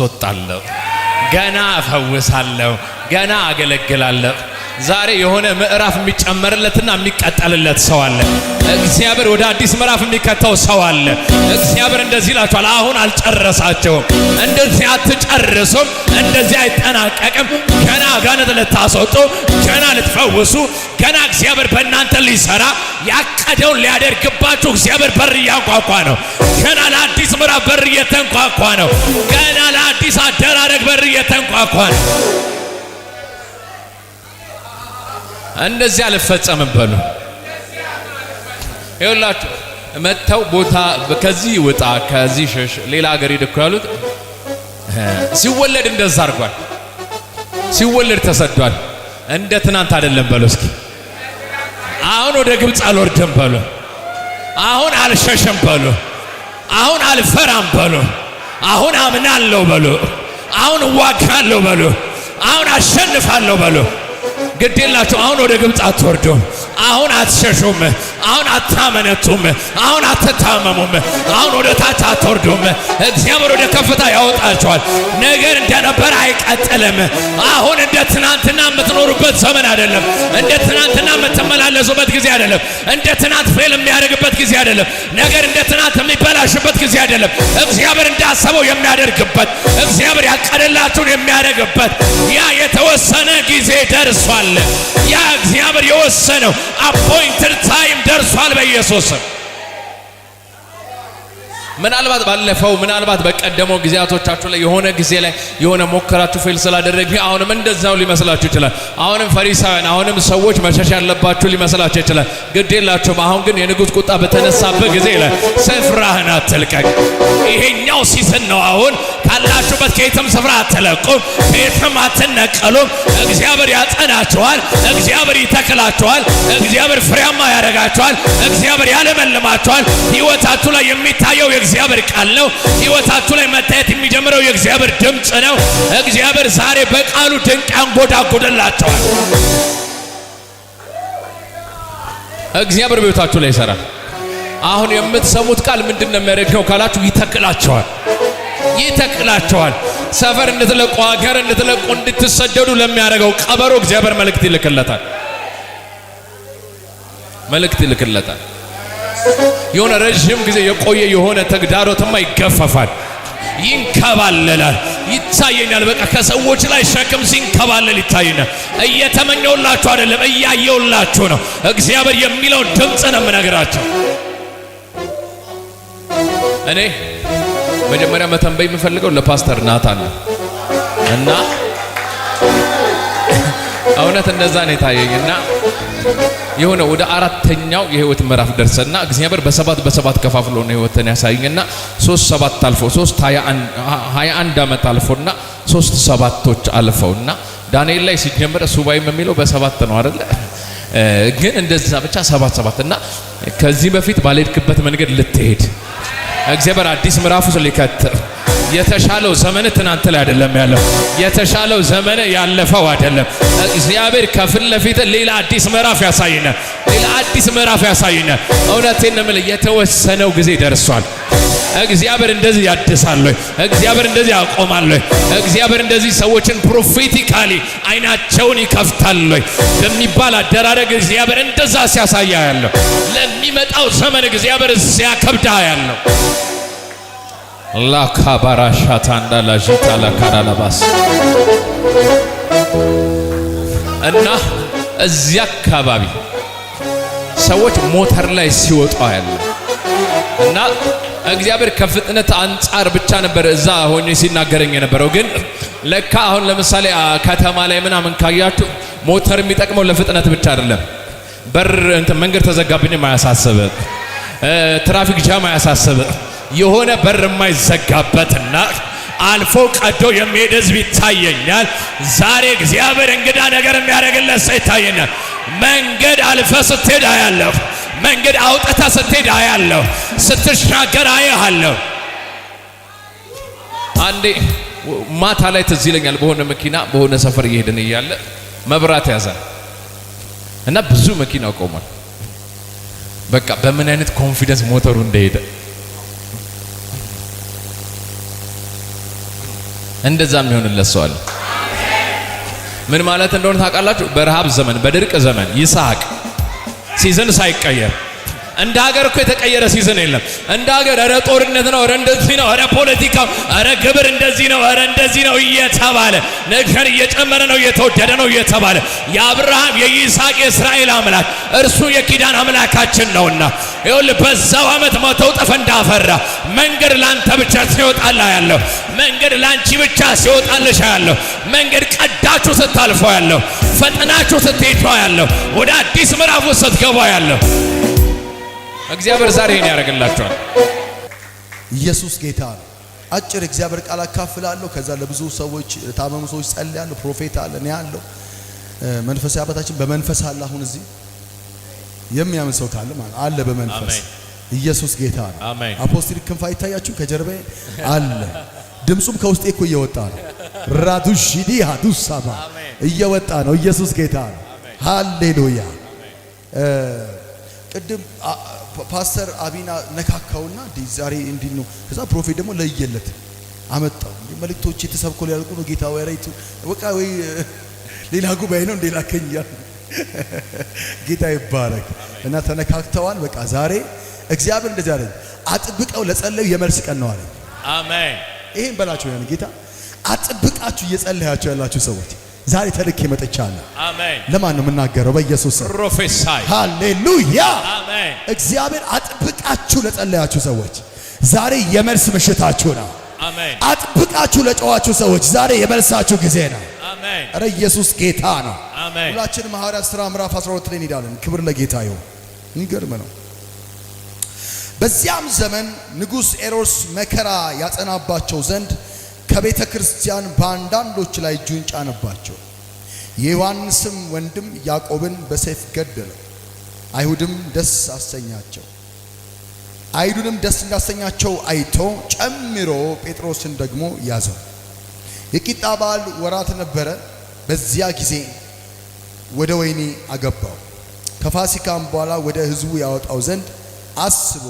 አስወጣለሁ። ገና እፈውሳለሁ። ገና አገለግላለሁ። ዛሬ የሆነ ምዕራፍ የሚጨመርለትና የሚቀጠልለት ሰው አለ። እግዚአብሔር ወደ አዲስ ምዕራፍ የሚከተው ሰው አለ። እግዚአብሔር እንደዚህ ይላችኋል፣ አሁን አልጨረሳቸውም፣ እንደዚህ አትጨርሱም፣ እንደዚህ አይጠናቀቅም። ገና አጋንንት ልታስወጡ፣ ገና ልትፈውሱ፣ ገና እግዚአብሔር በእናንተ ሊሰራ ያቀደውን ሊያደርግባችሁ እግዚአብሔር በር እያንኳኳ ነው። ገና ለአዲስ ምዕራፍ በር እየተንኳኳ ነው። ገና ለአዲስ አደራረግ በር እየተንኳኳ ነው። እንደዚህ አልፈጸምም በሉ። ይኸውላችሁ መጥተው ቦታ ከዚህ ውጣ፣ ከዚህ ሸሽ፣ ሌላ ሀገር ሄድ እኮ ያሉት ሲወለድ እንደዛ አድርጓል። ሲወለድ ተሰዷል። እንደ ትናንት አይደለም በሉ እስኪ። አሁን ወደ ግብፅ አልወርድም በሉ። አሁን አልሸሽም በሉ። አሁን አልፈራም በሉ። አሁን አምናለሁ በሉ። አሁን እዋጋለሁ በሉ። አሁን አሸንፋለሁ በሉ። ግድ የላቸው። አሁን ወደ ግብፅ አትወርዱም። አሁን አትሸሹም። አሁን አታመነቱም። አሁን አትታመሙም። አሁን ወደ ታች አትወርዱም። እግዚአብሔር ወደ ከፍታ ያወጣቸዋል። ነገር እንደነበረ አይቀጥልም። አሁን እንደ ትናንትና የምትኖሩበት ዘመን አይደለም። እንደ ትናንትና የምትመላለሱበት ጊዜ አይደለም። እንደ ትናንት ፌል የሚያደርግበት ጊዜ አይደለም። ነገር እንደ ትናንት የሚበላሽበት ጊዜ አይደለም። እግዚአብሔር እንዳሰበው የሚያደርግበት፣ እግዚአብሔር ያቀደላችሁን የሚያደርግበት ያ የተወሰነ ጊዜ ደርሷል። ያ እግዚአብሔር የወሰነው አፖይንትድ ታይም ደርሷል። በኢየሱስም ምናልባት ባለፈው ምናልባት በቀደመው ጊዜያቶቻችሁ ላይ የሆነ ጊዜ ላይ የሆነ ሞከራችሁ ፌል ስላደረግ አሁንም እንደዛው ሊመስላችሁ ይችላል። አሁንም ፈሪሳውያን፣ አሁንም ሰዎች መሸሽ ያለባችሁ ሊመስላችሁ ይችላል። ግድ የላችሁም። አሁን ግን የንጉሥ ቁጣ በተነሳበት ጊዜ ላይ ስፍራህን አትልቀቅ። ይሄኛው ሲዝን ነው አሁን ካላችሁበት ከየትም ስፍራ አትለቁም፣ ከየትም አትነቀሉም። እግዚአብሔር ያጸናችኋል፣ እግዚአብሔር ይተክላችኋል፣ እግዚአብሔር ፍሬያማ ያደርጋችኋል፣ እግዚአብሔር ያለመልማችኋል። ሕይወታችሁ ላይ የሚታየው የእግዚአብሔር ቃል ነው። ሕይወታችሁ ላይ መታየት የሚጀምረው የእግዚአብሔር ድምፅ ነው። እግዚአብሔር ዛሬ በቃሉ ድንቅ ያንጎዳጎደላቸዋል። እግዚአብሔር በቤታችሁ ላይ ይሰራል። አሁን የምትሰሙት ቃል ምንድን ነው የሚያደርገው ካላችሁ፣ ይተክላቸዋል። ይተክላቸዋል። ሰፈር እንድትለቁ፣ ሀገር እንድትለቁ፣ እንድትሰደዱ ለሚያደርገው ቀበሮ እግዚአብሔር መልእክት ይልክለታል። መልእክት ይልክለታል። የሆነ ረዥም ጊዜ የቆየ የሆነ ተግዳሮትማ ይገፈፋል፣ ይንከባለላል፣ ይታየኛል። በቃ ከሰዎች ላይ ሸክም ሲንከባለል ይታየኛል። እየተመኘውላችሁ አይደለም፣ እያየውላችሁ ነው። እግዚአብሔር የሚለው ድምፅ ነው የምነግራቸው እኔ መጀመሪያ መተንበይ የምፈልገው ለፓስተር ናታን ነው እና እውነት እንደዛ ነው የታየኝ እና የሆነ ወደ አራተኛው የህይወት ምዕራፍ ደርሰና እግዚአብሔር በሰባት በሰባት ከፋፍሎ ነው ህይወትን ያሳየኝና ሶስት ሰባት አልፎ ሶስት ሀያ አንድ አመት አልፎና ሶስት ሰባቶች አልፈውና ዳንኤል ላይ ሲጀምር ሱባኤም የሚለው በሰባት ነው አይደለ? ግን እንደዛ ብቻ ሰባት ሰባት እና ከዚህ በፊት ባልሄድክበት መንገድ ልትሄድ እግዚአብሔር አዲስ ምዕራፍ ውስጥ ሊከት የተሻለው ዘመን ትናንት ላይ አይደለም ያለው። የተሻለው ዘመን ያለፈው አይደለም። እግዚአብሔር ከፊት ለፊት ሌላ አዲስ ምዕራፍ ያሳይነ፣ ሌላ አዲስ ምዕራፍ ያሳይነ። እውነቴን የምልህ የተወሰነው ጊዜ ደርሷል። እግዚአብሔር እንደዚህ ያድሳል። እግዚአብሔር እንደዚህ ያቆማል። እግዚአብሔር እንደዚህ ሰዎችን ፕሮፌቲካሊ አይናቸውን ይከፍታለሁ በሚባል አደራረግ እግዚአብሔር እንደዛ ሲያሳያ ያለው ለሚመጣው ዘመን እግዚአብሔር ሲያከብዳ ያለው ላካባራሻታ እንዳላዥታ ላካራለባስ እና እዚያ አካባቢ ሰዎች ሞተር ላይ ሲወጡ ያለው እና እግዚአብሔር ከፍጥነት አንጻር ብቻ ነበር እዛ ሆኜ ሲናገረኝ የነበረው። ግን ለካ አሁን ለምሳሌ ከተማ ላይ ምናምን ካያችሁ ሞተር የሚጠቅመው ለፍጥነት ብቻ አይደለም። በር እንትን መንገድ ተዘጋብኝ አያሳስብ፣ ትራፊክ ጃም አያሳስብ። የሆነ በር የማይዘጋበትና አልፎ ቀዶ የሚሄድ ህዝብ ይታየኛል። ዛሬ እግዚአብሔር እንግዳ ነገር የሚያደርግለት ሰው ይታየኛል። መንገድ አልፈ ስትሄድ አያለሁ መንገድ አውጥተ ስትሄድ አያለሁ፣ ስትሻገር አያለሁ። አንዴ ማታ ላይ ትዝ ይለኛል። በሆነ መኪና በሆነ ሰፈር እየሄድን እያለ መብራት ያዛል እና ብዙ መኪና ቆሟል። በቃ በምን አይነት ኮንፊደንስ ሞተሩ እንደሄደ እንደዛ የሚሆንለት ሰው አለ። ምን ማለት እንደሆነ ታውቃላችሁ? በረሃብ ዘመን፣ በድርቅ ዘመን ይስሐቅ ሲዝን ሳይቀየር እንደ ሀገር እኮ የተቀየረ ሲዝን የለም። እንደ ሀገር ኧረ ጦርነት ነው፣ ኧረ እንደዚህ ነው፣ ኧረ ፖለቲካ፣ ኧረ ግብር እንደዚህ ነው፣ ኧረ እንደዚህ ነው እየተባለ ነገር እየጨመረ ነው፣ እየተወደደ ነው እየተባለ የአብርሃም የይስሐቅ የእስራኤል አምላክ እርሱ የኪዳን አምላካችን ነውና ይኸውልህ በዛው ዓመት መተው ጠፈ እንዳፈራ መንገድ ለአንተ ብቻ ሲወጣላ ያለሁ መንገድ ለአንቺ ብቻ ሲወጣልሽ ያለሁ መንገድ ቀዳችሁ ስታልፈው ያለሁ ፈጥናችሁ ስትሄዱ ያለሁ ወደ አዲስ ምዕራፍ ውስጥ እግዚአብሔር ዛሬ ይሄን ያደርግላችኋል። ኢየሱስ ጌታ ነው። አጭር እግዚአብሔር ቃል አካፍላለሁ። ከዛ ለብዙ ሰዎች ታመሙ ሰዎች ጸልያለሁ። ፕሮፌት አለ እኔ ያለው መንፈሳዊ አባታችን በመንፈስ አለ። አሁን እዚህ የሚያምን ሰው ካለ ማለት አለ በመንፈስ ኢየሱስ ጌታ ነው። አፖስቲል ክንፍ አይታያችሁ ከጀርባዬ አለ። ድምፁም ከውስጤ እኮ እየወጣ ነው። ራዱሽ ዲ ሀዱስ ሳባ እየወጣ ነው። ኢየሱስ ጌታ ነው። ሃሌሉያ ቅድም ፓስተር አቢና ነካካውና ዛሬ እንዲህ ነው። ከዛ ፕሮፌት ደግሞ ለየለት አመጣው መልእክቶች የተሰብኮ ሊያልቁ ነው። ጌታ ወይ ራይቱ በቃ ወይ ሌላ ጉባኤ ነው እንዴ ላከኝ። ጌታ ይባረክ እና ተነካክተዋል። በቃ ዛሬ እግዚአብሔር እንደዚህ አለኝ፣ አጥብቀው ለጸለዩ የመልስ ቀን ነው አለኝ። አሜን። ይሄን በላችሁ ያን ጌታ አጥብቃችሁ እየጸለያችሁ ያላችሁ ሰዎች ዛሬ ተልኬ መጥቻለሁ። አሜን። ለማን ነው የምናገረው? በኢየሱስ ፕሮፌሳይ ሃሌሉያ። አሜን። እግዚአብሔር አጥብቃችሁ ለጸለያችሁ ሰዎች ዛሬ የመልስ ምሽታችሁ ነው። አሜን። አጥብቃችሁ ለጨዋችሁ ሰዎች ዛሬ የመልሳችሁ ጊዜ ነው። አሜን። ኧረ ኢየሱስ ጌታ ነው። አሜን። ሁላችንም ሐዋርያት ሥራ ምዕራፍ 12 ላይ እንሄዳለን። ክብር ለጌታ ይሁን። የሚገርም ነው። በዚያም ዘመን ንጉሥ ኤሮስ መከራ ያጸናባቸው ዘንድ ከቤተ ክርስቲያን በአንዳንዶች ላይ እጁን ጫነባቸው። የዮሐንስም ወንድም ያዕቆብን በሰይፍ ገደለው። አይሁድም ደስ አሰኛቸው። አይሁድንም ደስ እንዳሰኛቸው አይቶ ጨምሮ ጴጥሮስን ደግሞ ያዘው። የቂጣ በዓል ወራት ነበረ። በዚያ ጊዜ ወደ ወይኒ አገባው። ከፋሲካም በኋላ ወደ ሕዝቡ ያወጣው ዘንድ አስቦ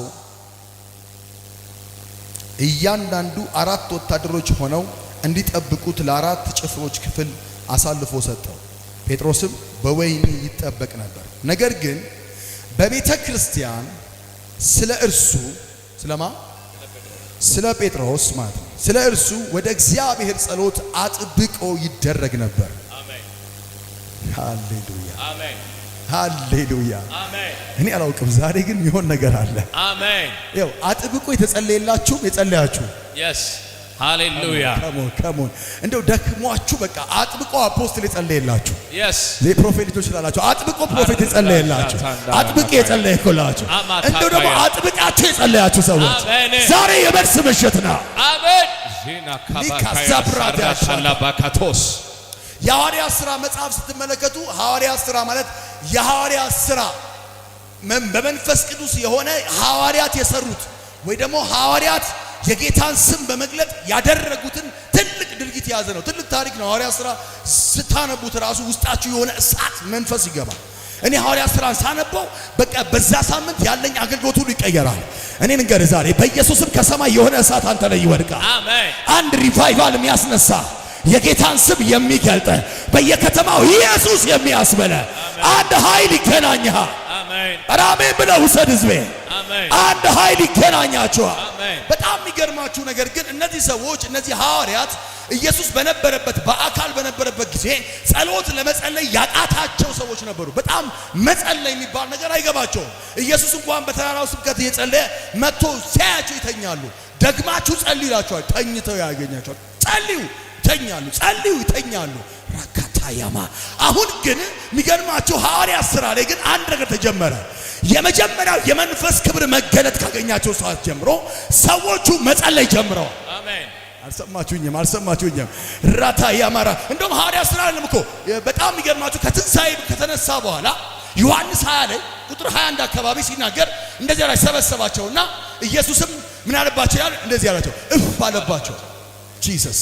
እያንዳንዱ አራት ወታደሮች ሆነው እንዲጠብቁት ለአራት ጭፍሮች ክፍል አሳልፎ ሰጠው። ጴጥሮስም በወይኒ ይጠበቅ ነበር። ነገር ግን በቤተ ክርስቲያን ስለ እርሱ ስለማ ስለ ጴጥሮስ ማለት ነው ስለ እርሱ ወደ እግዚአብሔር ጸሎት አጥብቆ ይደረግ ነበር። ሃሌሉያ። አሜን። ሃሌሉያ። እኔ አላውቅም፣ ዛሬ ግን የሚሆን ነገር አለ። አሜን። ያው አጥብቆ የተጸለየላችሁም የጸለያችሁ ሃሌሉያ ከሞን እንደው ደክሟችሁ በቃ አጥብቆ አፖስትል የጸለየላችሁ የፕሮፌት ልጆች ላላችሁ አጥብቆ ፕሮፌት የጸለየላችሁ አጥብቄ የጸለየላችሁ እንደው ደግሞ አጥብቃችሁ የጸለያችሁ ሰዎች ዛሬ የመልስ ምሽት ነው። ሊካዛብራዳሻላባካቶስ የሐዋርያ ሥራ መጽሐፍ ስትመለከቱ ሐዋርያ ሥራ ማለት የሐዋርያ ስራ በመንፈስ ቅዱስ የሆነ ሐዋርያት የሰሩት ወይ ደግሞ ሐዋርያት የጌታን ስም በመግለጥ ያደረጉትን ትልቅ ድርጊት የያዘ ነው። ትልቅ ታሪክ ነው። ሐዋርያ ስራ ስታነቡት ራሱ ውስጣችሁ የሆነ እሳት መንፈስ ይገባል። እኔ ሐዋርያ ስራን ሳነበው በቃ በዛ ሳምንት ያለኝ አገልግሎት ሁሉ ይቀየራል። እኔ ንገር ዛሬ በኢየሱስም ከሰማይ የሆነ እሳት አንተ ላይ ይወድቃል። አንድ ሪቫይቫል የሚያስነሳ የጌታን ስም የሚገልጠ በየከተማው ኢየሱስ የሚያስበለ አንድ ኃይል ይገናኛል። አሜን ብለህ ውሰድ ህዝቤ። አንድ ኃይል ይገናኛችኋል። በጣም የሚገርማችሁ ነገር ግን እነዚህ ሰዎች እነዚህ ሐዋርያት ኢየሱስ በነበረበት በአካል በነበረበት ጊዜ ጸሎት ለመጸለይ ያቃታቸው ሰዎች ነበሩ። በጣም መጸለይ የሚባል ነገር አይገባቸውም። ኢየሱስ እንኳን በተራራው ስብከት እየጸለየ መጥቶ ሲያያቸው ይተኛሉ። ደግማችሁ ጸልዩ ይላቸዋል። ተኝተው ያገኛቸዋል። ጸልዩ ይተኛሉ። ጸልዩ ይተኛሉ። ታያማ አሁን ግን የሚገርማችሁ ሐዋርያት ሥራ ላይ ግን አንድ ነገር ተጀመረ። የመጀመሪያው የመንፈስ ክብር መገለጥ ካገኛቸው ሰዓት ጀምሮ ሰዎቹ መጸለይ ጀምረዋል። አሜን። አልሰማችሁኝም? አልሰማችሁኝም? ራታ ያማራ እንደውም ሐዋርያት ሥራ አለም እኮ በጣም የሚገርማችሁ ከትንሣኤ ከተነሳ በኋላ ዮሐንስ 20 ላይ ቁጥር 21 አካባቢ ሲናገር እንደዚህ ላይ ሰበሰባቸውና ኢየሱስም ምን አለባቸው ይላል? እንደዚህ አላቸው፣ እፍ አለባቸው ጂሰስ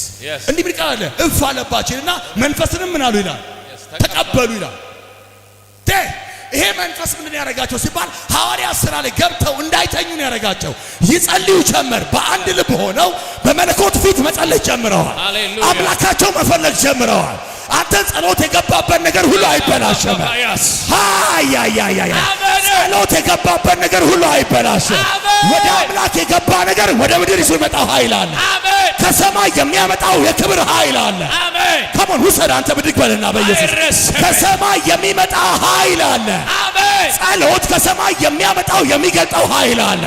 እንዲህ ብልቃ አለ እፍ አለባቸውና መንፈስንም ምን አሉ ይላል ተቀበሉ ይላል። ይሄ መንፈስ ምንድን ያደረጋቸው ሲባል ሐዋርያ ሥራ ላይ ገብተው እንዳይተኙ ነው ያደረጋቸው። ይጸልዩ ጀመር። በአንድ ልብ ሆነው በመለኮት ፊት መጸለይ ጀምረዋል። አምላካቸው መፈለግ ጀምረዋል። አንተ ጸሎት የገባበት ነገር ሁሉ አይበላሽም። ሃያያያያ ጸሎት የገባበት ነገር ሁሉ አይበላሽም። ወደ አምላክ የገባ ነገር ወደ ምድር ይዞ ይመጣ ኃይል አለ። ከሰማይ የሚያመጣው የክብር ኃይል አለ። ከሞን ውሰድ አንተ ብድግ በልና በኢየሱስ ከሰማይ የሚመጣ ኃይል አለ። ጸሎት ከሰማይ የሚያመጣው የሚገልጠው ኃይል አለ።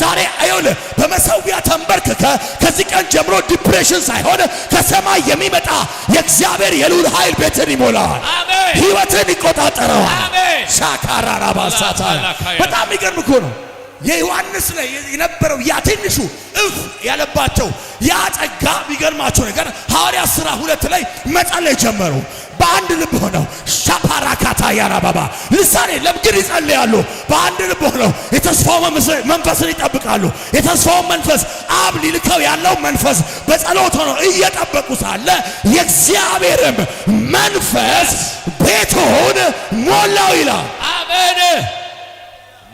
ዛሬ አይሆን በመሰዊያ ተንበርክከ ከዚህ ቀን ጀምሮ ዲፕሬሽን ሳይሆን ከሰማይ የሚመጣ የእግዚአብሔር የልዑል ኃይል ቤትን ይሞላዋል፣ ሕይወትን ይቆጣጠረዋል። ሻካራራባሳታ በጣም የሚገርም እኮ ነው። የዮሐንስ ላይ የነበረው ያ ትንሹ እፍ ያለባቸው ያ ጸጋ የሚገርማቸው ነገር ሐዋርያ ሥራ ሁለት ላይ መጸለይ ጀመሩ። በአንድ ልብ ሆነው ሻፓራካታ ያራባባ ልሳኔ ለምግር ይጸልያሉ። በአንድ ልብ ሆነው የተስፋው መንፈስን ይጠብቃሉ። የተስፋው መንፈስ አብ ሊልከው ያለው መንፈስ በጸሎት ሆነው እየጠበቁ ሳለ የእግዚአብሔርም መንፈስ ቤቱን ሞላው ይላል። አሜን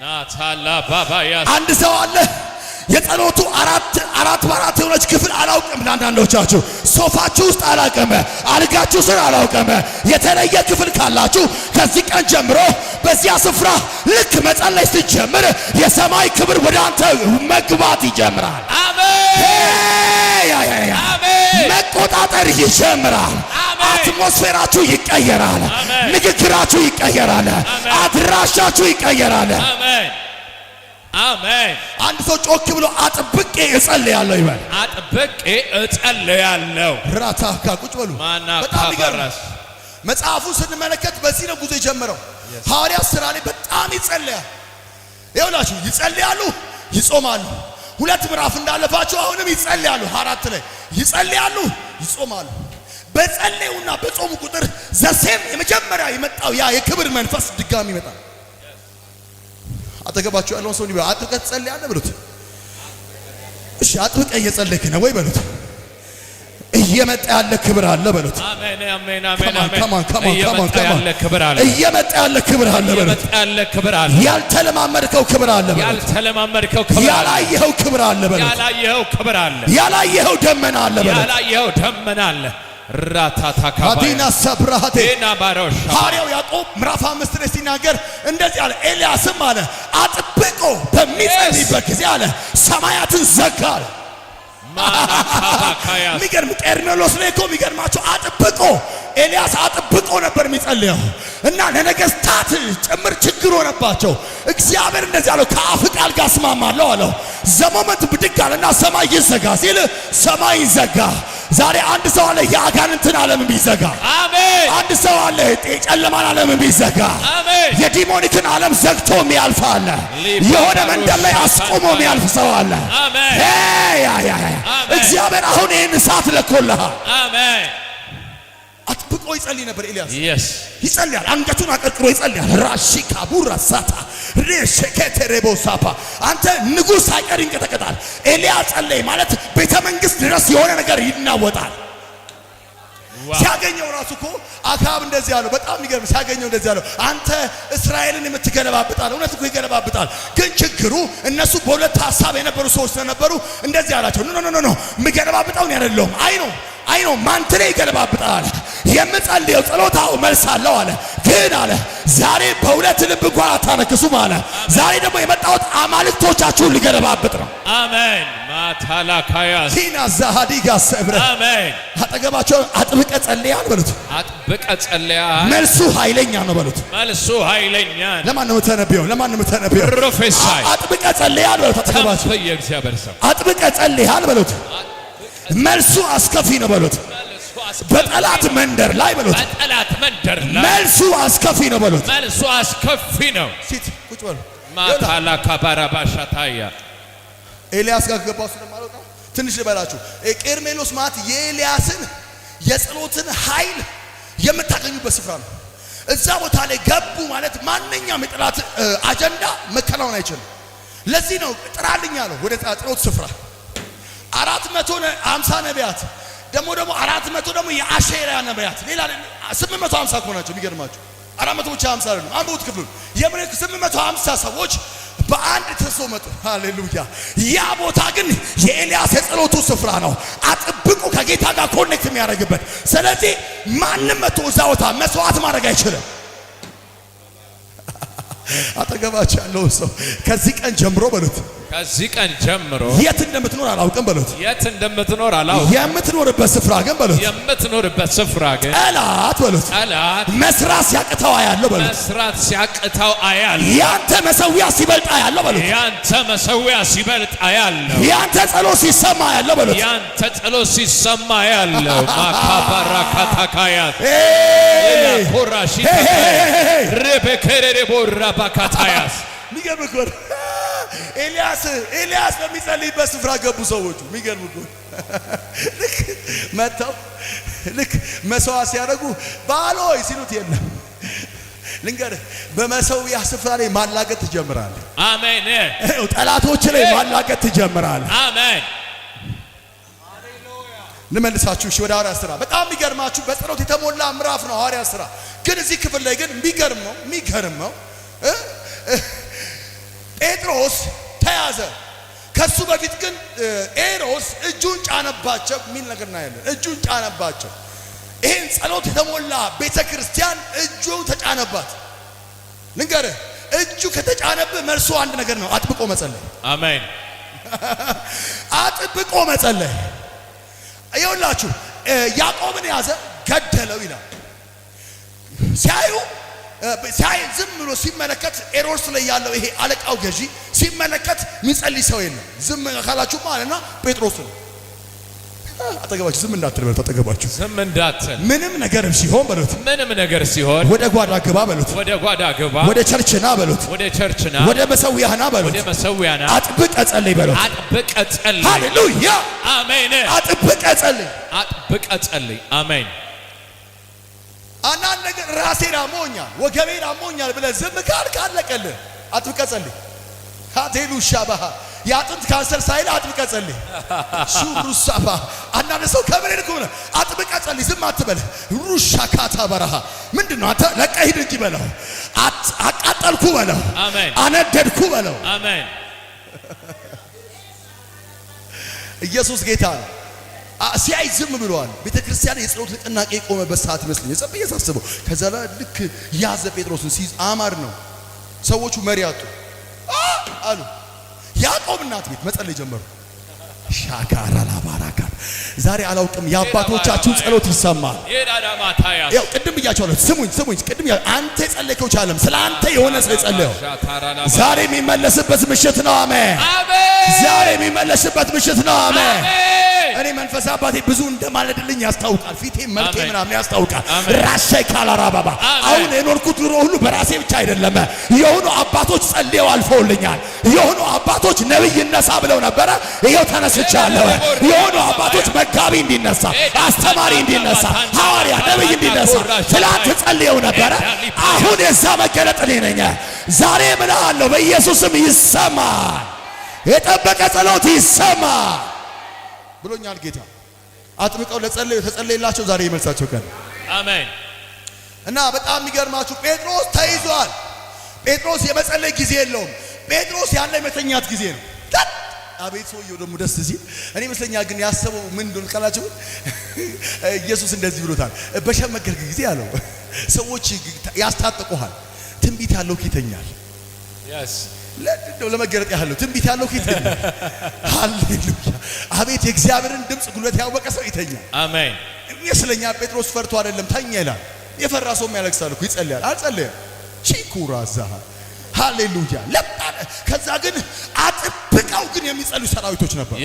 ናታላ ባባ አንድ ሰው አለ የጸሎቱ አራት አራት በአራት የሆነች ክፍል አላውቅም። ለአንዳንዶቻችሁ ሶፋችሁ ውስጥ አላውቅም፣ አልጋችሁ ስር አላውቅም። የተለየ ክፍል ካላችሁ ከዚህ ቀን ጀምሮ በዚያ ስፍራ ልክ መጸለይ ስትጀምር የሰማይ ክብር ወደ አንተ መግባት ይጀምራል። መቆጣጠር ይጀምራል። አትሞስፌራችሁ ይቀየራል። ንግግራችሁ ይቀየራል። አድራሻችሁ ይቀየራል። አሜን። አንድ ሰው ጮክ ብሎ አጥብቄ እጸልያለሁ ይበል። አጥብቄ እጸልያለሁ። ራታ ቁጭ በሉ። በጣም ይገርም። መጽሐፉ ስንመለከት በዚህ ነው ጉዞ የጀመረው። ሐዋርያት ሥራ ላይ በጣም ይጸልያል። ይኸውላችሁ ይጸልያሉ፣ ይጾማሉ። ሁለት ምዕራፍ እንዳለፋቸው አሁንም ይጸልያሉ። አራት ላይ ይጸልያሉ፣ ይጾማሉ። በጸለዩና በጾሙ ቁጥር ዘሴም የመጀመሪያ የመጣው ያ የክብር መንፈስ ድጋሚ ይመጣል። አጠገባቸው ያለው ሰው እንዲህ አጥብቀህ ትጸልያለህ ብሉት። እሺ አጥብቀህ እየጸለይክ ነው ወይ በሉት። እየመጣ ያለ ክብር አለ በሉት። አሜን አሜን አሜን አሜን። ያለ ክብር አለ። እየመጣ ያለ ክብር አለ በሉት። ያልተለማመድከው ክብር አለ በሉት። ክብር አለ። ያላየኸው ክብር አለ በሉት። ያላየኸው ደመና አለ በሉት። ደመና አለ ራታታካዲና ሰብራቴ ናባሮሽ ሐዋርያው ያዕቆብ ምዕራፍ አምስት ላይ ሲናገር እንደዚህ አለ። ኤልያስም አለ አጥብቆ በሚጸልይበት ጊዜ አለ ሰማያትን ዘጋ አለ። የሚገርም ጤርሜሎስ ላይ እኮ የሚገርማቸው አጥብቆ ኤልያስ አጥብቆ ነበር የሚጸልየው እና ለነገስታት ጭምር ችግር ሆነባቸው። እግዚአብሔር እንደዚህ አለው ከአፍ ቃል ጋር እስማማለሁ አለው። ዘመመት ብድግ አለና ሰማይ ይዘጋ ሲል ሰማይ ይዘጋ ዛሬ አንድ ሰው አለ የአጋንንትን ዓለም ቢዘጋ፣ አሜን። አንድ ሰው አለ የጨለማን ዓለም ቢዘጋ፣ አሜን። የዲሞኒክን ዓለም ዘግቶ የሚያልፍ አለ። የሆነ መንደር ላይ አስቆሞ የሚያልፍ ሰው አለ። አሜን። እግዚአብሔር አሁን ይህን እሳት ለኮልሃል። አሜን። አጥብቆ ይጸልይ ነበር ኤልያስ። ይጸልያል፣ አንገቱን አቀርቅሮ ይጸልያል። ራሺካ ቡራ ሳታ ሬሸከተ ረቦ ሳፓ አንተ ንጉሥ አይቀር ይንቀጠቀጣል። ኤልያስ ጸለይ ማለት ቤተ መንግሥት ድረስ የሆነ ነገር ይናወጣል። ሲያገኘው ራሱ እኮ አካብ እንደዚህ ያለው በጣም ይገርም። ሲያገኘው እንደዚህ ያለው አንተ እስራኤልን የምትገለባብጣል። እውነት እኮ ይገለባብጣል። ግን ችግሩ እነሱ በሁለት ሀሳብ የነበሩ ሰዎች ስለነበሩ እንደዚህ አላቸው፣ ኖ ኖ ኖ ኖ የምገለባብጣውን አይደለሁም አይ ነው አይኖ ነው ማንትሬ ይገለባብጣል። የምጸልየው ጸሎታው መልስ አለው አለ። ግን አለ ዛሬ በሁለት ልብ እንኳን አታነክሱም አለ። ዛሬ ደግሞ የመጣሁት አማልክቶቻችሁን ሊገለባብጥ ነው። አሜን ማታላካያ ሲና ዛሃዲጋ ሰብረ አሜን። አጠገባቸው አጥብቀ ጸልያል በሉት። አጥብቀ ጸልያ መልሱ ኃይለኛ ነው በሉት። መልሱ ኃይለኛ ነው። ለማን ነው ተነብየው? ለማን ነው ተነብየው? ፕሮፌሳይ አጥብቀ ጸልያል በሉት። አጠገባቸው የእግዚአብሔር ሰው አጥብቀ ጸልያል በሉት መልሱ አስከፊ ነው በሉት። በጠላት መንደር ላይ በሉት። መልሱ አስከፊ ነው በሉት። መልሱ አስከፊ ነው። ሲት ቁጭ በሉ። ማታላ ካባራባሻታያ ኤልያስ ጋር ከገባው ስለማለውጣ ትንሽ ልበላችሁ። ቄርሜሎስ ማለት የኤልያስን የጸሎትን ኃይል የምታገኙበት ስፍራ ነው። እዛ ቦታ ላይ ገቡ ማለት ማንኛውም የጠላት አጀንዳ መከናወን አይችልም። ለዚህ ነው ጥራልኝ አለው ወደ ጸሎት ስፍራ አራት መቶ አምሳ ነቢያት ደግሞ ደግሞ አራት መቶ ደግሞ የአሼራ ነቢያት ሌላ ስምንት መቶ ሀምሳ እኮ ናቸው። የሚገርማችሁ አራት መቶ ብቻ ሀምሳ አይደለም። አንብቡት ክፍሉን የምልክ ስምንት መቶ ሀምሳ ሰዎች በአንድ ተሶ መጡ። ሃሌሉያ! ያ ቦታ ግን የኤልያስ የጸሎቱ ስፍራ ነው። አጥብቁ ከጌታ ጋር ኮኔክት የሚያደርግበት ስለዚህ ማንም መቶ እዛ ቦታ መስዋዕት ማድረግ አይችልም። አጠገባቸው ያለውን ሰው ከዚህ ቀን ጀምሮ በሉት ከዚህ ቀን ጀምሮ የት እንደምትኖር አላውቅም በሉት። የት እንደምትኖር አላውቅም። የምትኖርበት ስፍራ ግን በሉት። የምትኖርበት ስፍራ ግን ጠላት በሉት። ጠላት መስራት ሲያቅተው አያለሁ በሉት። መስራት ሲያቅተው አያለሁ። ያንተ መሰዊያ ሲበልጥ አያለሁ በሉት። ያንተ መሰዊያ ሲበልጥ አያለሁ። ያንተ ጸሎት ሲሰማ አያለሁ በሉት። ያንተ ጸሎት ሲሰማ አያለሁ። ማካባራ ካታካያት ኮራሺ ሬቤከሬ ቦራ ባካታያስ ሚገርም ኤልያስ ኤልያስ በሚጸልይበት ስፍራ ገቡ ሰዎቹ። የሚገርም እኮ ልክ መጥተው ልክ መስዋዕት ሲያደርጉ ባል ሲሉት የለም ልንገርህ በመሰዊያ ስፍራ ላይ ማላገጥ ትጀምራለህ። አሜን። ጠላቶች ላይ ማላገጥ ትጀምራለህ። አሜን። ልመልሳችሁ እሺ፣ ወደ ሐዋርያ ሥራ። በጣም የሚገርማችሁ በጸሎት የተሞላ ምዕራፍ ነው ሐዋርያ ሥራ። ግን እዚህ ክፍል ላይ ግን የሚገርመው የሚገርመው ጴጥሮስ ተያዘ። ከሱ በፊት ግን ኤሮስ እጁን ጫነባቸው የሚል ነገር እናያለን። እጁን ጫነባቸው። ይህን ጸሎት የተሞላ ቤተ ክርስቲያን እጁ ተጫነባት። ልንገርህ፣ እጁ ከተጫነብህ መልሶ አንድ ነገር ነው፣ አጥብቆ መጸለይ። አሜን። አጥብቆ መጸለይ። ይኸውላችሁ ያዕቆብን የያዘ ገደለው ይላል ሲያዩ ሳይ ዝም ብሎ ሲመለከት ኤሮርስ ላይ ያለው ይሄ አለቃው ገዢ ሲመለከት የሚጸልይ ሰው የለም። ዝም ካላችሁ ማለትና ጴጥሮስ ነው። አጠገባችሁ ዝም እንዳትል በሉት። አጠገባችሁ ዝም እንዳትል ምንም ነገር ሲሆን በሉት። ምንም ነገር ሲሆን ወደ ጓዳ ግባ በሉት። ወደ ጓዳ ግባ፣ ወደ ቸርችና በሉት። ወደ ቸርችና፣ ወደ መሰዊያና በሉት። ወደ መሰዊያና አጥብቀ ጸልይ በሉት። አጥብቀ ጸልይ። ሃሌሉያ አሜን። አጥብቀ ጸልይ። አጥብቀ ጸልይ። አሜን አንዳንድ ነገር ራሴን አሞኛል፣ ወገቤን አሞኛል ብለህ ዝም ካልክ አለቀልህ። አጥብቀህ ጸልይ። ካቴሉ ሻባሃ የአጥንት ካንሰር ሳይል አጥብቀህ ጸልይ። ሹሩ ሳባ አንዳንድ ሰው ከበሬን ከሆነ አጥብቀህ ጸልይ፣ ዝም አትበል። ሩሻ ካታ በረሃ ምንድን ነው አንተ ለቀ ሂድ እንጂ በለው። አቃጠልኩ በለው፣ አነደድኩ በለው። ኢየሱስ ጌታ ነው። ሲያይ ዝም ብለዋል። ቤተ ክርስቲያን የጸሎት ንቅናቄ የቆመበት ሰዓት ይመስለኝ የጸብ እያሳስበው ከዛ ላይ ልክ ያዘ ጴጥሮስን ሲይዝ አማር ነው። ሰዎቹ መሪ አጡ አሉ። ያዕቆብ እናት ቤት መጸለይ ጀመሩ። ሻካራ ላባራካ ዛሬ አላውቅም፣ የአባቶቻችሁ ጸሎት ይሰማል። ያው ቅድም ብያቸዋለሁ። ስሙኝ ስሙኝ፣ ቅድም አንተ የጸለይከው ቻለም ስለ አንተ የሆነ ሰው የጸለየው ዛሬ የሚመለስበት ምሽት ነው። አሜን። ዛሬ የሚመለስበት ምሽት ነው። አሜን። እኔ መንፈስ አባቴ ብዙ እንደማለድልኝ ያስታውቃል። ፊቴ መልኬ ምናምን ያስታውቃል። ካላራ ካላራባባ አሁን የኖርኩት ኑሮ ሁሉ በራሴ ብቻ አይደለም። የሆኑ አባቶች ጸልየው አልፈውልኛል። የሆኑ አባቶች ነብይ ይነሳ ብለው ነበረ። ይኸው ተነስቻለሁ። የሆኑ አባቶች መጋቢ እንዲነሳ፣ አስተማሪ እንዲነሳ፣ ሐዋርያ ነብይ እንዲነሳ ትላንት ጸልየው ነበረ። አሁን የዛ መገለጥ እኔ ነኝ። ዛሬ ምልሃለሁ በኢየሱስም ይሰማል። የጠበቀ ጸሎት ይሰማል። ብሎኛል ጌታ። አጥብቀው ለጸለዩ የተጸለየላቸው ዛሬ የመልሳቸው ቀን አሜን። እና በጣም የሚገርማችሁ ጴጥሮስ ተይዟል። ጴጥሮስ የመጸለይ ጊዜ የለውም። ጴጥሮስ ያለ የመተኛት ጊዜ ነው። አቤት ሰውየው ደግሞ ደስ ሲል እኔ መስለኛ ግን ያሰበው ምን እንደሆነ ካላችሁ ኢየሱስ እንደዚህ ብሎታል። በሸመገልክ ጊዜ አለው ሰዎች ያስታጥቁሃል፣ ትንቢት ያለው ይተኛል ለእንደው ለመገረጥ ያህል ነው። ትንቢት ያለው ፊት ነው። ሃሌሉያ! አቤት የእግዚአብሔርን ድምፅ ጉልበት ያወቀ ሰው ይተኛል። አሜን። ይመስለኛ ጴጥሮስ ፈርቶ አይደለም ተኛ ይላል። የፈራ ሰው ያለቅሳል እኮ ይጸልያል። አልጸለየም። ቺኩራዛ ሃሌሉያ! ለጣ ከዛ ግን አጥብቀው ግን የሚጸልዩ ሰራዊቶች ነበር።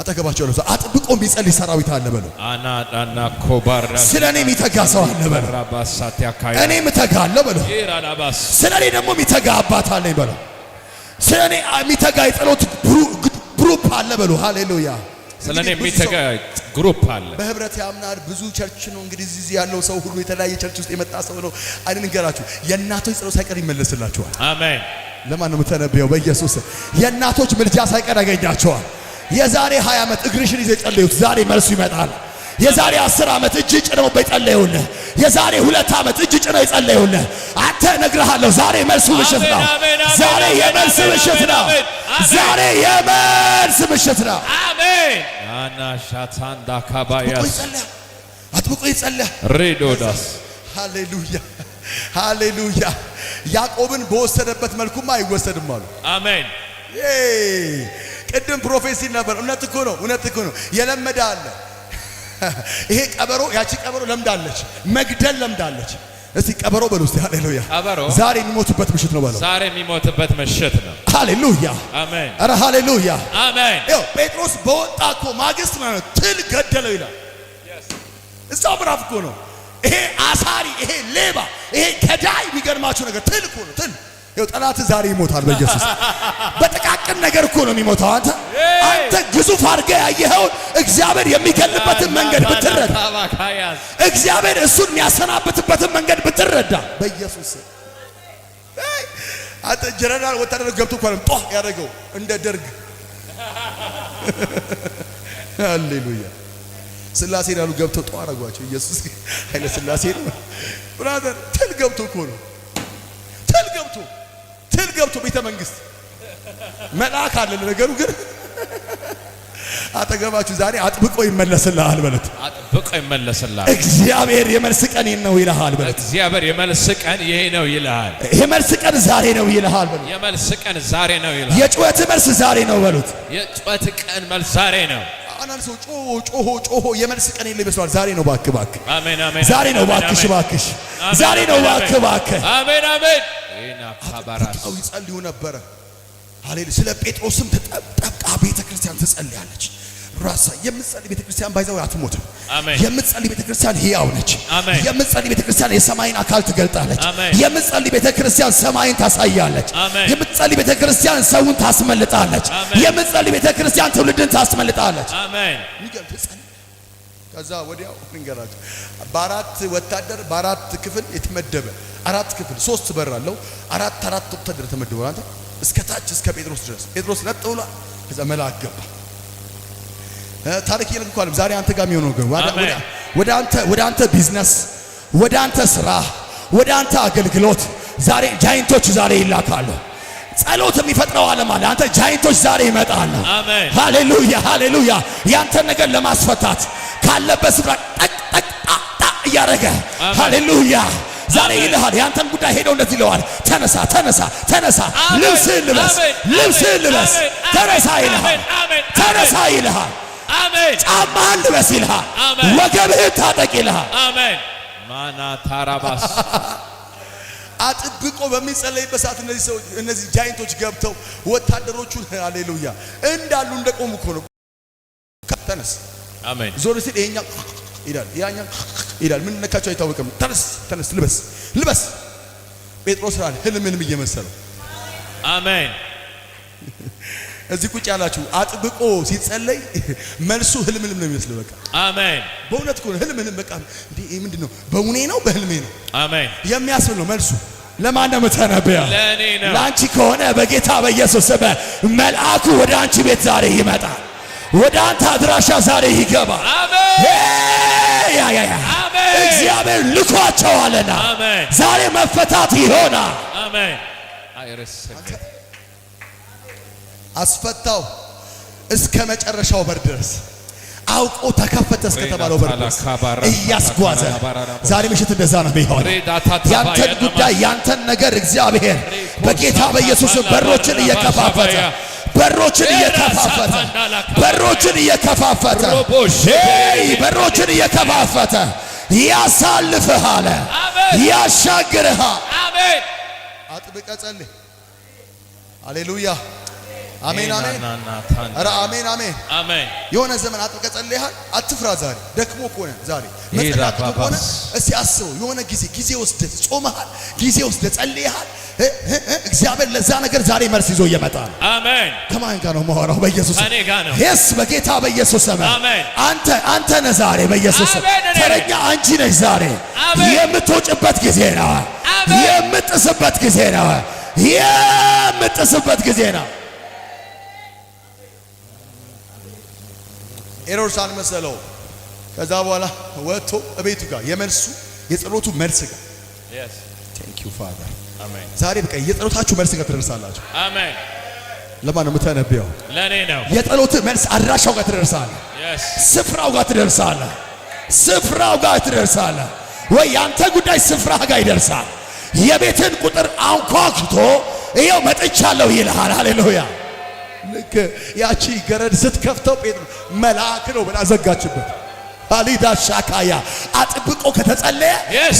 አጠገባቸው ያለው ሰው አጥብቆ የሚጸልይ ሰራዊት አለ በለው። አናዳና ኮባራ ስለ እኔ የሚተጋ ሰው አለ በለው። እኔ የምተጋ አለ በለው። ስለ እኔ ደግሞ የሚተጋ አባት አለኝ በለው። ስለ እኔ የሚተጋ የጸሎት ግሩፕ አለ በለው። ሃሌሉያ ስለ እኔ የሚተጋ ግሩፕ አለ። በህብረት ያምናል። ብዙ ቸርች ነው እንግዲህ እዚህ ያለው ሰው ሁሉ የተለያየ ቸርች ውስጥ የመጣ ሰው ነው። አይንገራችሁ የእናቶች ጸሎት ሳይቀር ይመለስላችኋል። አሜን። ለማን ነው የምተነበየው? በኢየሱስ የእናቶች ምልጃ ሳይቀር ያገኛቸዋል። የዛሬ 20 ዓመት እግርሽን ይዘ የጸለዩት ዛሬ መልሱ ይመጣል። የዛሬ 10 ዓመት እጅ ጭነው በጸለዩልህ የዛሬ ሁለት ዓመት እጅ ጭነው የጸለዩልህ አንተ እነግርሃለሁ ዛሬ መልሱ ምሽት ነው። ዛሬ የመልስ ምሽት ነው። ዛሬ የመልስ ምሽት ነው። አሜን። አና ሻታን ዳካባያስ አጥብቆ ይጸለህ ሬዶዳስ ሃሌሉያ ሃሌሉያ ያዕቆብን በወሰደበት መልኩማ አይወሰድም አሉ። አሜን ቅድም ፕሮፌሲ ነበር። እውነት እኮ ነው፣ እውነት እኮ ነው። የለመደ አለ። ይሄ ቀበሮ፣ ያቺ ቀበሮ ለምዳለች፣ መግደል ለምዳለች። እስቲ ቀበሮ በሉ እስቲ ሃሌሉያ። ዛሬ የሚሞትበት ምሽት ነው በሉ። ዛሬ የሚሞትበት ምሽት ነው። ሃሌሉያ አሜን። አረ ሃሌሉያ አሜን። ይኸው ጴጥሮስ በወጣ እኮ ማግስት ማለት ትል ገደለው ይላል። እዛው ምዕራፍ እኮ ነው። ይሄ አሳሪ፣ ይሄ ሌባ፣ ይሄ ከዳይ የሚገርማችሁ ነገር ትል እኮ ነው። ትል ይኸው ጠላት ዛሬ ይሞታል በኢየሱስ በጥቃ የማያውቅን ነገር እኮ ነው የሚሞተው። አንተ አንተ ግዙፍ አድርገህ ያየኸውን እግዚአብሔር የሚገልበትን መንገድ ብትረዳ፣ እግዚአብሔር እሱን የሚያሰናብትበትን መንገድ ብትረዳ በኢየሱስ አንተ ጀነራል ወታደር ገብቶ እኮ ጧ ያደረገው እንደ ደርግ አሌሉያ ስላሴ ያሉ ገብተው ጧ አረጓቸው። ኢየሱስ ኃይለ ስላሴ ነው ብራዘር። ትል ገብቶ እኮ ነው ትል ገብቶ ትል ገብቶ ቤተ መንግስት መልአክ አለ። ለነገሩ ግን አጠገባችሁ ዛሬ አጥብቆ ይመለስልሃል በለት። አጥብቆ ይመለስልሃል። እግዚአብሔር የመልስ ቀን ይሄ ነው ይልሃል በለት። እግዚአብሔር የመልስ ቀን ይሄ ነው ይልሃል። የመልስ ቀን ዛሬ ነው ይልሃል በለት። የመልስ ቀን ዛሬ ነው ይልሃል። የጩኸት መልስ ዛሬ ነው በሉት። የጩኸት ቀን መልስ ዛሬ ነው። አናል ሰው ጮሆ ጮሆ ጮሆ የመልስ ቀን የለ ይመስለዋል። ዛሬ ነው ባክ ባክ፣ አሜን አሜን። ዛሬ ነው ባክሽ ባክሽ፣ ዛሬ ነው ባክ ባክ። አሜን አሜን። ይጸልዩ ነበረ ሃሌሉያ። ስለ ጴጥሮስም ተጠብቃ ቤተ ክርስቲያን ትጸልያለች። ራሳ የምትጸልይ ቤተ ክርስቲያን ባይዘው አትሞትም። የምትጸልይ ቤተ ክርስቲያን ሕያው ነች። አሜን። የምትጸልይ ቤተ ክርስቲያን የሰማይን አካል ትገልጣለች። አሜን። የምትጸልይ ቤተ ክርስቲያን ሰማይን ታሳያለች። አሜን። የምትጸልይ ቤተ ክርስቲያን ሰውን ታስመልጣለች። የምትጸልይ ቤተ ክርስቲያን ትውልድን ታስመልጣለች። አሜን። ከዛ ወዲያው እንገራችሁ በአራት ወታደር በአራት ክፍል የተመደበ አራት ክፍል ሶስት በር አለው። አራት አራት ወታደር ተመደበ አንተ እስከ ታች እስከ ጴጥሮስ ድረስ ጴጥሮስ ለጥ ብሏል። ከዛ መልአክ ገባ። ታሪክ ይልኳል። ዛሬ አንተ ጋር የሚሆነው ግን ወደ አንተ ወደ አንተ ቢዝነስ፣ ወደ አንተ ስራ፣ ወደ አንተ አገልግሎት ዛሬ ጃይንቶች ዛሬ ይላካሉ። ጸሎት የሚፈጥረው ዓለም አለ። አንተ ጃይንቶች ዛሬ ይመጣሉ። አሜን። ሃሌሉያ ሃሌሉያ። ያንተ ነገር ለማስፈታት ካለበት ስፍራ ጠቅ ጠቅ ጣ እያደረገ ሃሌሉያ ዛሬ ይልሃል። ያንተን ጉዳይ ሄደው እንደዚህ ይለዋል። ተነሳ፣ ተነሳ፣ ተነሳ፣ ልብስህን ልበስ፣ ልብስህን ልበስ፣ ተነሳ ይልሃል። ተነሳ ይልሃል። ጫማህን ልበስ ይልሃል። ወገብህን ታጠቅ ይልሃል። አሜን። ማና ታራባስ አጥብቆ በሚጸለይበት ሰዓት እነዚህ ሰዎች እነዚህ ጃይንቶች ገብተው ወታደሮቹን ሃሌሉያ እንዳሉ እንደቆሙ እኮ ነው። ተነስ አሜን። ዞር ሲል ይሄኛው ይላል፣ ያኛ ይላል። ምን ነካቸው አይታወቅም። ተነስ ተነስ፣ ልበስ ልበስ። ጴጥሮስ ራል ህልምንም እየመሰለው አሜን። እዚህ ቁጭ ያላችሁ አጥብቆ ሲጸለይ መልሱ ህልም ህልም ነው የሚመስለው። በቃ አሜን። በእውነት ከሆነ ህልም ህልም በቃ እንዴ ምንድን ነው? በውኔ ነው በህልሜ ነው አሜን የሚያስብል ነው መልሱ። ለማን ነው ነው። ለአንቺ ከሆነ በጌታ በኢየሱስ ስም መልአኩ ወደ አንቺ ቤት ዛሬ ይመጣል። ወደ አንተ አድራሻ ዛሬ ይገባ። እግዚአብሔር ልኳቸዋልና ዛሬ መፈታት ይሆናል። አስፈታው እስከ መጨረሻው በር ድረስ አውቆ ተከፈተ እስከተባለው በር ድረስ እያስጓዘ ዛሬ ምሽት እንደዛ ነው የሚሆነው። ያንተን ጉዳይ ያንተን ነገር እግዚአብሔር በጌታ በኢየሱስ በሮችን እየከፋፈተ በሮችን እየከፋፈተ በሮችን እየከፋፈተ ሄይ በሮችን እየከፋፈተ አለ ያሳልፍሃል፣ አሜን። አጥብቀ ጸልይ። አሌሉያ። አሜን አሜን። ኧረ አሜን አሜን አሜን። የሆነ ዘመን አጥብቀ ጸልይሃል። አትፍራ። ዛሬ ደክሞ ከሆነ ዛሬ መጸለይ ከሆነ እስቲ አስበው። የሆነ ጊዜ ጊዜ ወስደህ ጾመሃል፣ ጊዜ ወስደህ ጸልይሃል። እግዚአብሔር ለዛ ነገር ዛሬ መልስ ይዞ እየመጣ ነው። አሜን። ከማን ጋር ነው መሆነው? በኢየሱስ እኔ ጋር ነው። የስ በጌታ በኢየሱስ ስም አሜን። አንተ አንተ ነህ ዛሬ በኢየሱስ ስም ተረኛ አንቺ ነሽ ዛሬ። የምትወጭበት ጊዜ ነው። የምጥስበት ጊዜ ነው። የምጥስበት ጊዜ ነው። ኤሮር ሳን ከዛ በኋላ ወጥቶ እቤቱ ጋር የመልሱ የጸሎቱ መልስ ጋር ቴንክ ዩ ፋዘር ዛሬ በቃ የጸሎታችሁ መልስ ጋር ትደርሳላችሁ። አሜን። ለማን ነው የምትነብየው? ለኔ ነው። የጸሎት መልስ አድራሻው ጋር ትደርሳለህ። ስፍራው ጋር ትደርሳለህ። ስፍራው ጋር ትደርሳለህ ወይ? ያንተ ጉዳይ ስፍራ ጋር ይደርሳል። የቤትን ቁጥር አንኳኩቶ ይኸው መጥቻለሁ ይልሃል። ሃሌሉያ። ልክ ያቺ ገረድ ስትከፍተው ጴጥሮስ መልአክ ነው ብላ ዘጋችበት። አሊዳ ሻካያ አጥብቆ ከተጸለየ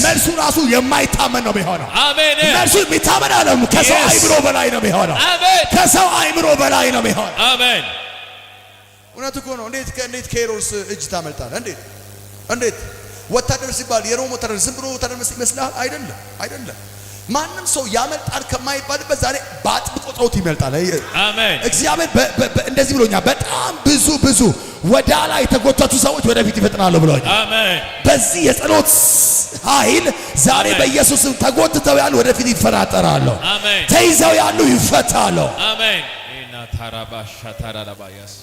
መልሱ ራሱ የማይታመን ነው የሚሆነው። አሜን። መልሱ የሚታመን አለም ከሰው አይምሮ በላይ ነው የሚሆነው። አሜን። ከሰው አይምሮ በላይ ነው የሚሆነው። አሜን። እውነት እኮ ነው። እንዴት ከእንዴት ከሄሮድስ እጅ ታመልጣል? እንዴት እንዴት ወታደር ሲባል የሮም ወታደር ዝም ብሎ ወታደር ይመስልሃል? አይደለም፣ አይደለም ማንም ሰው ያመልጣል ከማይባልበት ዛሬ በአጥብቆ ጥሮት ይመልጣል። አሜን። እግዚአብሔር እንደዚህ ብሎኛል። በጣም ብዙ ብዙ ወዳላ የተጎተቱ ሰዎች ወደፊት ይፈጥናሉ ብሎኛል። አሜን። በዚህ የጸሎት ኃይል ዛሬ በኢየሱስም ተጎትተው ያሉ ወደፊት ይፈናጠራሉ። ተይዘው ያሉ ይፈታሉ። አሜን።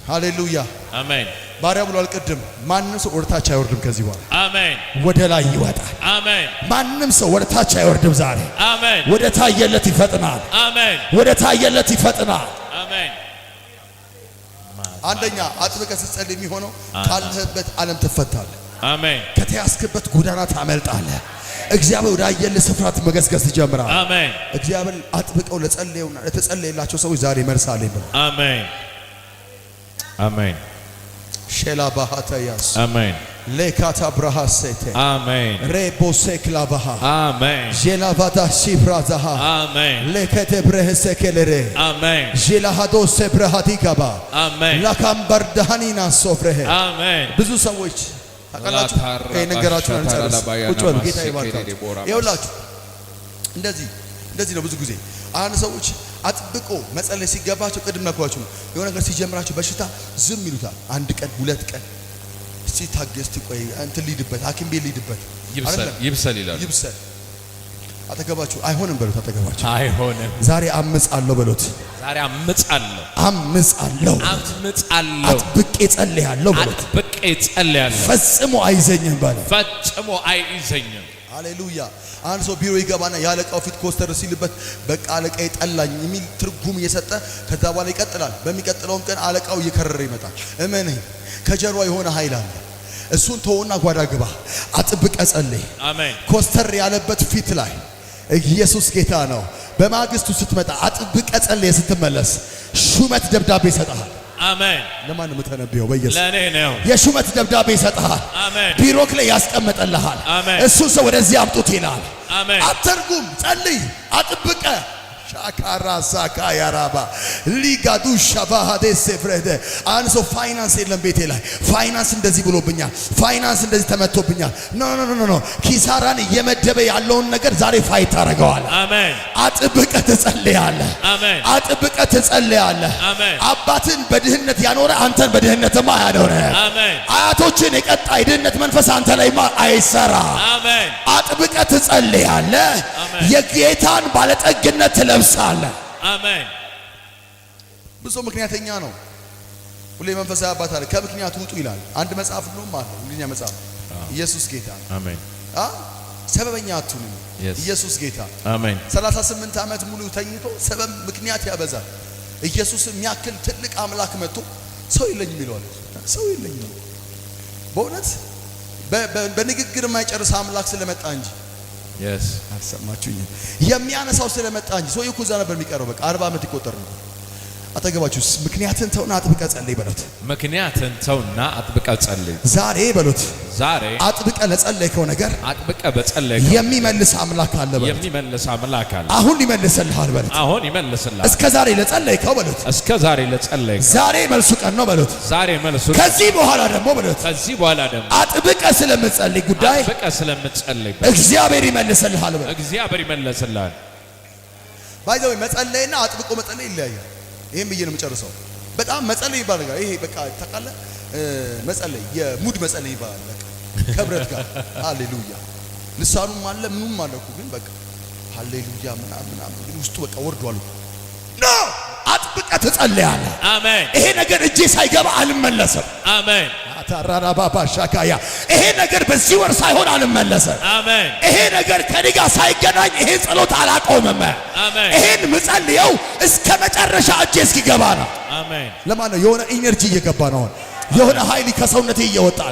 ሃሌሉያ አሜን። ባሪያ ብሏል። ቅድም ማንም ሰው ወደ ታች አይወርድም፣ ከዚህ በኋላ አሜን። ወደ ላይ ይወጣል። አሜን። ማንም ሰው ወደ ታች አይወርድም ዛሬ። አሜን። ወደ ታየለት ይፈጥናል። አሜን። ወደ ታየለት ይፈጥናል። አሜን። አንደኛ አጥብቀህ ስትጸልይ የሚሆነው ካለህበት ዓለም ትፈታለህ። አሜን። ከተያዝክበት ጎዳና ታመልጣለህ። እግዚአብሔር ወደ አየለ ስፍራ መገስገስ ይጀምራል። አሜን። እግዚአብሔር አጥብቀው ለጸለዩና ለተጸለየላቸው ሰዎች ዛሬ መልሳለ ይባል። አሜን። አሜን። ሼላ ባሃታ ያስ አሜን። ሌካታ ብራሃ ሴቴ አሜን። ሬቦሴ ክላባሃ አሜን። ጄላቫዳ ሲብራዛሃ አሜን። ሌከቴ ብረህሴ ኬለሬ አሜን። ጄላሃዶሴ ብረሃዲ ጋባ አሜን። ላካምበርዳሃኒና ሶፍሬሄ አሜን። ብዙ ሰዎች ታውቃላችሁ። ከነገራችሁ አንጻርስ ቁጭ በሉ። ጌታ ይባርካችሁ። ይኸውላችሁ እንደዚህ እንደዚህ ነው። ብዙ ጊዜ አንዳንድ ሰዎች አጥብቆ መጸለይ ሲገባቸው ቅድም ነኳችሁ ነው የሆነ ነገር ሲጀምራቸው በሽታ ዝም ይሉታል። አንድ ቀን ሁለት ቀን እስቲ ታገስቲ ቆይ እንትን ሊድበት ሐኪም ቤት ሊድበት ይብሰል ይላሉ ይብሰል አጠገባችሁ አይሆንም በሉት። አጠገባችሁ አይሆንም። ዛሬ አምጽ አለው በሉት። ዛሬ አምጽ አለው፣ አምጽ አለው፣ አምጽ አለው። አጥብቄ ጸልያለሁ በሉት። አጥብቄ ጸልያለሁ። ፈጽሞ አይዘኝም ባለ ፈጽሞ አይዘኝም። ሃሌሉያ። አንድ ሰው ቢሮ ይገባና የአለቃው ፊት ኮስተር ሲልበት በቃ አለቃዬ ጠላኝ የሚል ትርጉም እየሰጠ ከዛ በኋላ ይቀጥላል። በሚቀጥለውም ቀን አለቃው እየከረረ ይመጣል። እመን ከጀርባ የሆነ ኃይል አለ። እሱን ተወና ጓዳ ግባ። አጥብቀ ጸልይ። አሜን። ኮስተር ያለበት ፊት ላይ ኢየሱስ ጌታ ነው። በማግስቱ ስትመጣ አጥብቀ ጸልየ ስትመለስ ሹመት ደብዳቤ ይሰጥሃል። አሜን። ለማን የምተነብየው? በኢየሱስ ለኔ ነው። የሹመት ደብዳቤ ይሰጥሃል። አሜን። ቢሮክ ላይ ያስቀመጠልሃል። እሱን ሰው ወደዚህ አምጡት ይላል። አሜን። አትርጉም፣ ጸልይ አጥብቀ ሻካራሳካ ያራባ ሊጋዱ ሻባሃዴ ሴፍረደ አንድ ሰው ፋይናንስ የለም ቤቴ ላይ ፋይናንስ እንደዚህ ብሎብኛል፣ ፋይናንስ እንደዚህ ተመቶብኛል። ኖ ኖ ኖ ኖ ኪሳራን እየመደበ ያለውን ነገር ዛሬ ፋይት ታደርገዋል። አሜን። አጥብቀ ትጸልያለ። አሜን። አጥብቀ ትጸልያለ። አባትን በድህነት ያኖረ አንተን በድህነትማ ያኖረ። አሜን። አያቶችን የቀጣ የድህነት መንፈስ አንተ ላይማ አይሰራ። አሜን። አጥብቀ ትጸልያለ። የጌታን ባለጠግነት ትለብሳለህ። አሜን። ብዙ ምክንያተኛ ነው። ሁሌ መንፈሳዊ አባት አለ ከምክንያት ውጡ ይላል። አንድ መጽሐፍ ሁሉም አለ እንግኛ መጽሐፍ ኢየሱስ ጌታ አሜን። አ ሰበበኛ አትሁኑ። ኢየሱስ ጌታ አሜን። 38 ዓመት ሙሉ ተኝቶ ሰበብ ምክንያት ያበዛል። ኢየሱስ የሚያክል ትልቅ አምላክ መጥቶ ሰው የለኝም ይለዋል። ሰው የለኝም በእውነት በንግግር የማይጨርስ አምላክ ስለመጣ እንጂ አልሰማችሁኝም? የሚያነሳው ስለመጣ እንጂ ሰውዬው እኮ እዛ ነበር የሚቀረው። በቃ አርባ ዓመት ይቆጠር ነው አጠገባችሁ ምክንያትን ተውና አጥብቀ ጸልይ በሉት። ምክንያትን ተውና አጥብቀ ጸልይ። ዛሬ በሉት። ዛሬ አጥብቀ ለጸለይከው ነገር አጥብቀ በጸለይከው የሚመልስ አምላክ አለ በሉት። የሚመልስ አምላክ አለ። አሁን ይመልስልሃል በሉት። አሁን ይመልስልሃል። እስከ ዛሬ ለጸለይከው በሉት። እስከ ዛሬ ለጸለይከው ዛሬ መልሱ ቀን ነው በሉት። ዛሬ መልሱ ከዚህ በኋላ ደግሞ በሉት። ከዚህ በኋላ ደግሞ አጥብቀ ስለምጸልይ ጉዳይ አጥብቀ ስለምጸልይ እግዚአብሔር ይመልስልሃል በሉት። እግዚአብሔር ይመልስልሃል። ባይዘው መጸለይና አጥብቆ መጸለይ ይለያያል። ይሄን ብዬ ነው የምጨርሰው። በጣም መጸለይ ይባል ጋር ይሄ በቃ ታውቃለህ፣ መጸለይ የሙድ መጸለይ ይባላል። በቃ ከብረት ጋር ሃሌሉያ፣ ልሳኑም አለ ምኑም አለ እኮ ግን በቃ ሃሌሉያ ምናምን ምናምን፣ ግን ውስጡ በቃ ወርዷል። ኖ አጥብቀህ ትጸልያለህ። አሜን። ይሄ ነገር እጄ ሳይገባ አልመለስም። አሜን ታራራባባሻካያ ይሄ ነገር በዚህ ወር ሳይሆን አልመለሰ። አሜን። ይሄ ነገር ከኔ ጋር ሳይገናኝ ይሄን ጸሎት አላቆምም። አሜን። ይሄን ምጸልየው እስከ መጨረሻ እጄ እስኪገባ ነው። አሜን። ለማን ነው? የሆነ ኢነርጂ እየገባ ነው። የሆነ ኃይል ከሰውነቴ እየወጣ ነው።